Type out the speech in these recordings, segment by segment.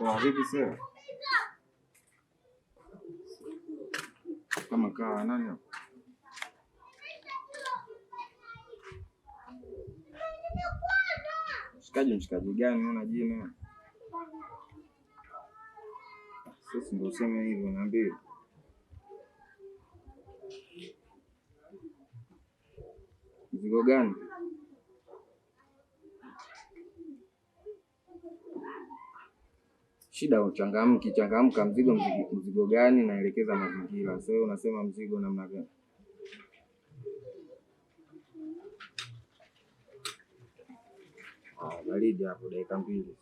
Sasa kama kaa nani hapo? Mshikaji, mshikaji gani? Una jina sisi ndio useme hivyo, naambia mzigo gani? shida uchangamki, changamka, mzigo mzigo, mzigo gani, naelekeza mazingira. So unasema mzigo namna gani? Ah, baridi hapo dakika mbili,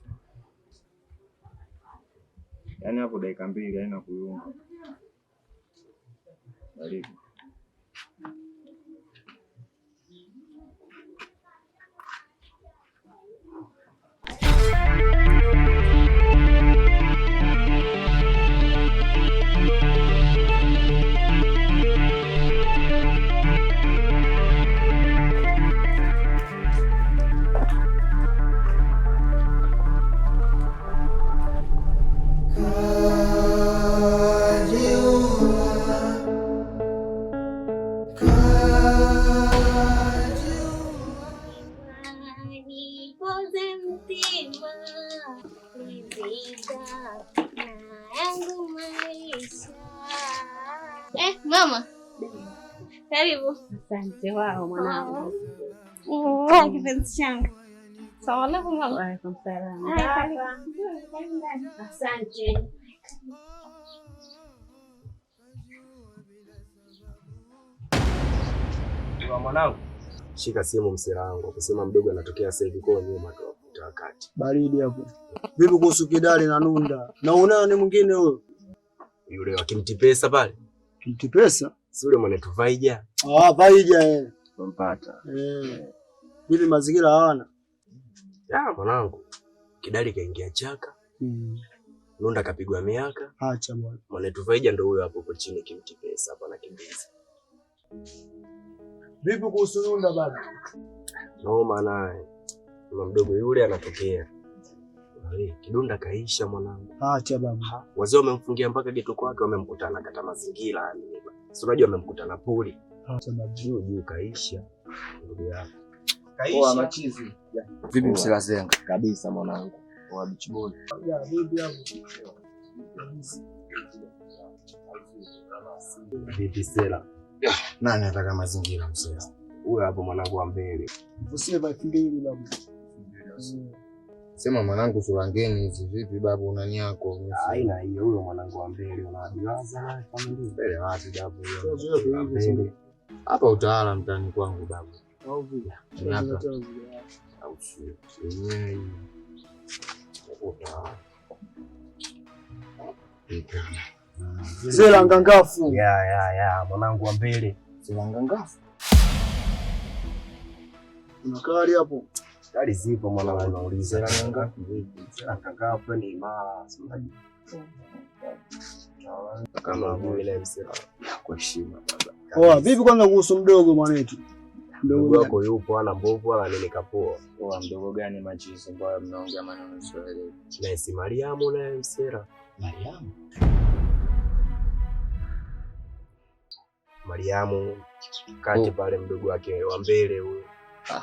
yaani hapo dakika mbili haina kuyumba baridi. Eh, mama karibu. Asante. Wao mwanangu, oh. kipenzi changu. Salamu alaykum. Wa alaykum salaam. Asante. Mwanangu, shika simu msera wangu, akisema mdogo anatokea sasa hivi kwa nyuma tu kupita wakati baridi hapo. Vipi kuhusu kidali na Nunda na unani mwingine huyo? Yule wa Kimtipesa pale. Kimtipesa? Si yule mwanetu Vaija. Ah, Vaija eh. Tumpata. Eh. Vipi mazingira hawana? Ya mwanangu. Kidali kaingia chaka. Mm. Nunda kapigwa miaka. Acha bwana. Mwanetu Vaija ndio huyo hapo kwa chini Kimtipesa hapa anakimbiza. Vipi kuhusu Nunda bado? Noma naye mama mdogo yule anatokea. Kidonda kaisha mwanangu. Ah, acha baba. Wazee wamemfungia mpaka geto kwake, wamemkutana kata mazingira. Si unajua wamemkutana poli. Ah, acha baba. Juu juu kaisha ndugu yako. Kaisha machizi. Vipi msilazenga? Kabisa mwanangu. Wa bichiboni. Vipi sela? Nani ataka mazingira mzee? Huyo hapo mwanangu wa mbele. Usiwe vile vile basi. Mm. Sema mwanangu, surangeni hizi vipi babu, unani yako Aina hiyo. Huyo mwanangu wa mbele unajiwaza familia mbele wapi babu? Hapa utawala mtani kwangu babu, Au vipi? sela ngangafu ya ya ya mwanangu wa mbele, sela ngangafu unakali hapo Sukari zipo mwana unauliza. Poa, vipi kwanza kuhusu mdogo mwanetu? Mdogo wako yupo wala mbovu wala nini kapoa. Poa, mdogo gani machizo ambayo mnaongea maneno mswali? Na si Mariamu na Msera. Mariamu. Mariamu kati oh. pale mdogo wake wa mbele huyo. Ah.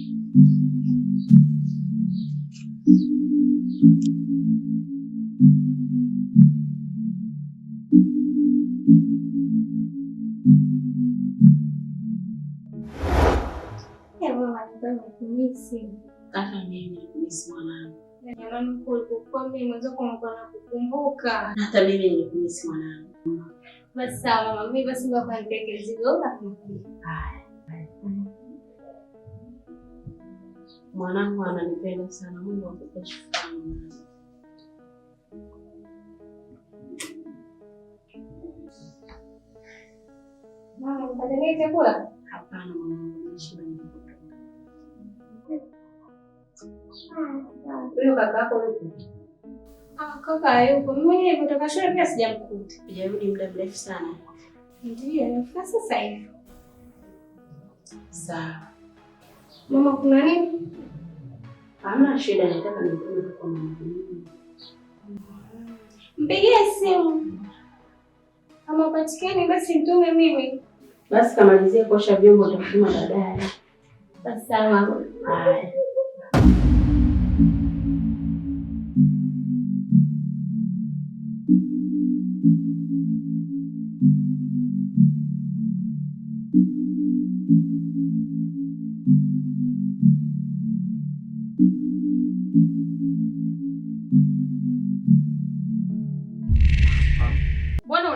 Mimi si hata mimi nimisi mwanangu. Yaani Jamani, ulipokuwa mimi mwanzo kwa nakukumbuka. Hata mimi nilikumisi mwanangu. Basi sawa mama, mimi basi ngoja kwa nipeke zigo. Haya. Mwanangu ananipenda sana. Mungu akupe shukrani. Mama, unataka nini chakula? Hapana mama. Huyo kaka yako yuko? Ah, kaka yuko. Mimi nimetoka shule pia sijamkuta. muda mrefu sana. Ndiyo, nafika sasa hivi. Sawa. Mama kuna nini? Hamna shida, nataka kwa mama. Mpigie simu. Kama upatikani basi mtume mimi. Basi kamalizie kuosha vyombo, utakutuma baadaye. Sawa. Haya.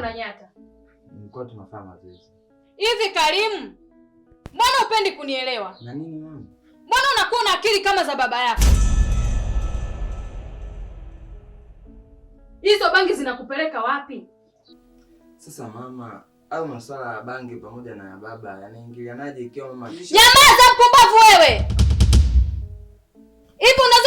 unanyata? Nilikuwa tunafanya mazoezi. Hivi Karimu, mbona upendi kunielewa? Na nini mama? Mbona unakuwa na akili kama za baba yako? Hizo bangi zinakupeleka wapi? Sasa mama, au masuala ya bangi pamoja na ya baba yanaingilianaje ikiwa mama Nyamaza mpumbavu wewe. Hivi una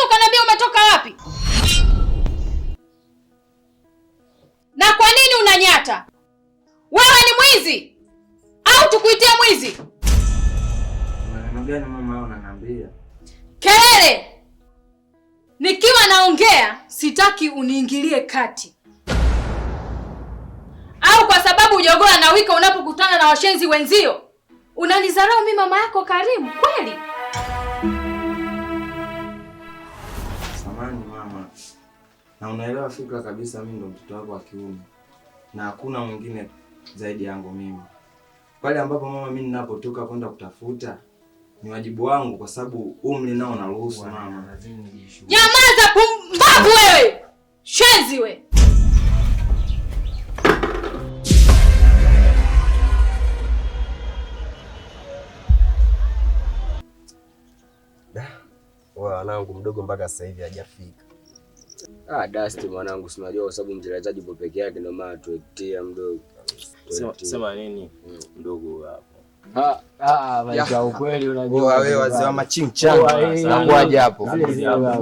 mwizi au tukuitie mwizi? Maneno gani mama unaniambia? Kelele! Nikiwa naongea sitaki uniingilie kati, au kwa sababu ujogola na unapokutana na washenzi wenzio unanizarau mimi mama yako Karimu kweli? Samani mama, na unaelewa fikra kabisa, mimi ndo mtoto wako wa kiume na hakuna mwingine zaidi yangu mimi. Pale ambapo mama, mimi ninapotoka kwenda kutafuta ni wajibu wangu, kwa sababu umri nao naruhusu. Mama, lazima nijishushe. Nyamaza pumbavu wewe, shenzi wewe. Wanangu mdogo mpaka sasa hivi hajafika Ah, Dust mwanangu, si unajua kwa sababu mchezaji yupo peke yake ndio maana tuetia mdogo. Sema, sema nini? Mdogo hapo. Ah, ah, maisha ukweli unajua. Wewe wewe wazee wa machinchanga. Nakuaje hapo?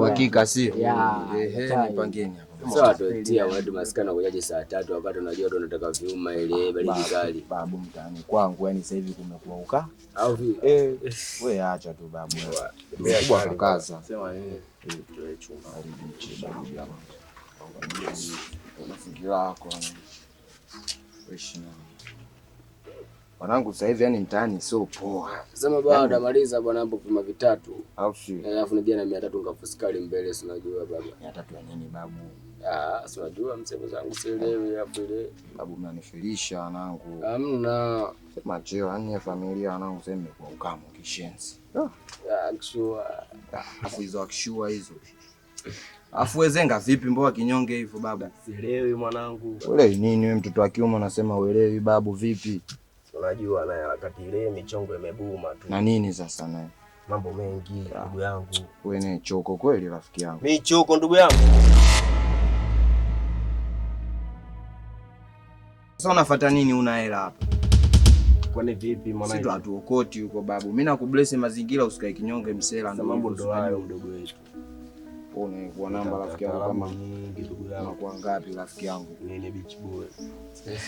Hakika sio. Eh, eh, nipangeni watu maskani kujaje saa tatu wakati unajua tu unataka viuma ile ah, baridi kali. Babu mtani kwangu yani sasa hivi kumekuauka. Au vipi? Eh, wewe acha tu babu. Sema yeye tuwe chuma mwanangu, sasa hivi yani mtaani sio poa. Sema bwana, bwana hapo vima vitatu, eh, alafu alafu nijia na mia tatu sikali mbele, si unajua baba. Mia tatu ya nini babu? Ah, si unajua msemo zangu sielewi hapo ile. Sababu mnanifilisha wanangu. Hamna. Sema yani ya familia wanangu sema kwa ukamu kishenzi. Ah, Afu hizo akishua hizo. Afu wezenga vipi mboa kinyonge hivyo baba? Sielewi mwanangu. Ule nini wewe mtoto wa kiume unasema uelewi babu vipi? Unajua naye wakati ile michongo tu. Na nini sasa naye? Mambo mengi ndugu yangu. Wewe ni choko kweli rafiki yangu. Mimi choko ndugu yangu. Sasa unafuata nini? Una hela hapa kwani vipi mwanangu? Sisi hatuokoti huko babu. Mimi nakubless mazingira usikae kinyonge msela, ndio mambo ndio hayo mdogo wetu kwa namba rafiki yangu kama kwa ngapi rafiki yangu, Boy. Eh,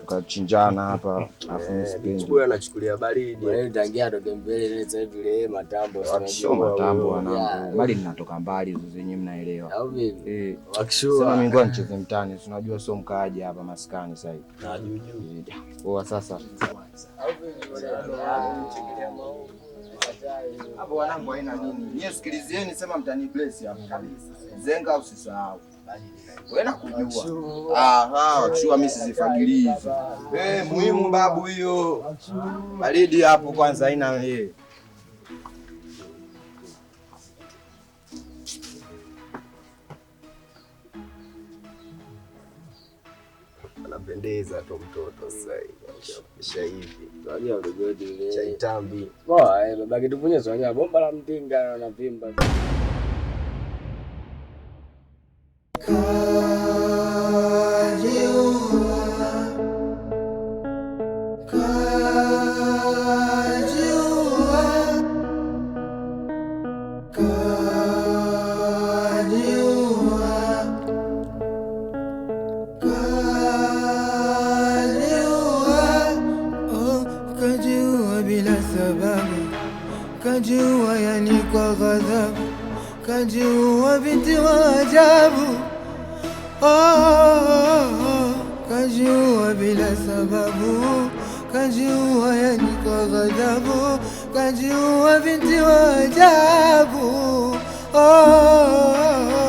tukachinjana hapa, eh, afu Boy anachukulia baridi, Wewe tangia ndo mbele sasa hivi ile eh, matambo matambo, bali ninatoka mbali zenyewe, mnaelewa. Au Eh. Sema mingoa nicheze mtani, si unajua sio mkaaji hapa maskani sasa hivi. Poa sasa Au hapo wanangu haina nini. Nyie sikilizieni, sema mtani bless hapo kabisa. Zenga usisahau. Wewe kujua. Aha, wachua mimi sizifagilizi. Eh, muhimu babu hiyo. Baridi hapo kwanza haina yeye. kupendeza tu mtoto sasa sasa hivi. Unajua mdogo babake tupunye sio bomba la mtinga na pimba. Kajiua yani kwa ghadhabu, kajiua binti wa ajabu oh, oh, oh. Kajiua bila sababu, kajiua yani kwa ghadhabu, kajiua binti wa ajabu oh, oh, oh.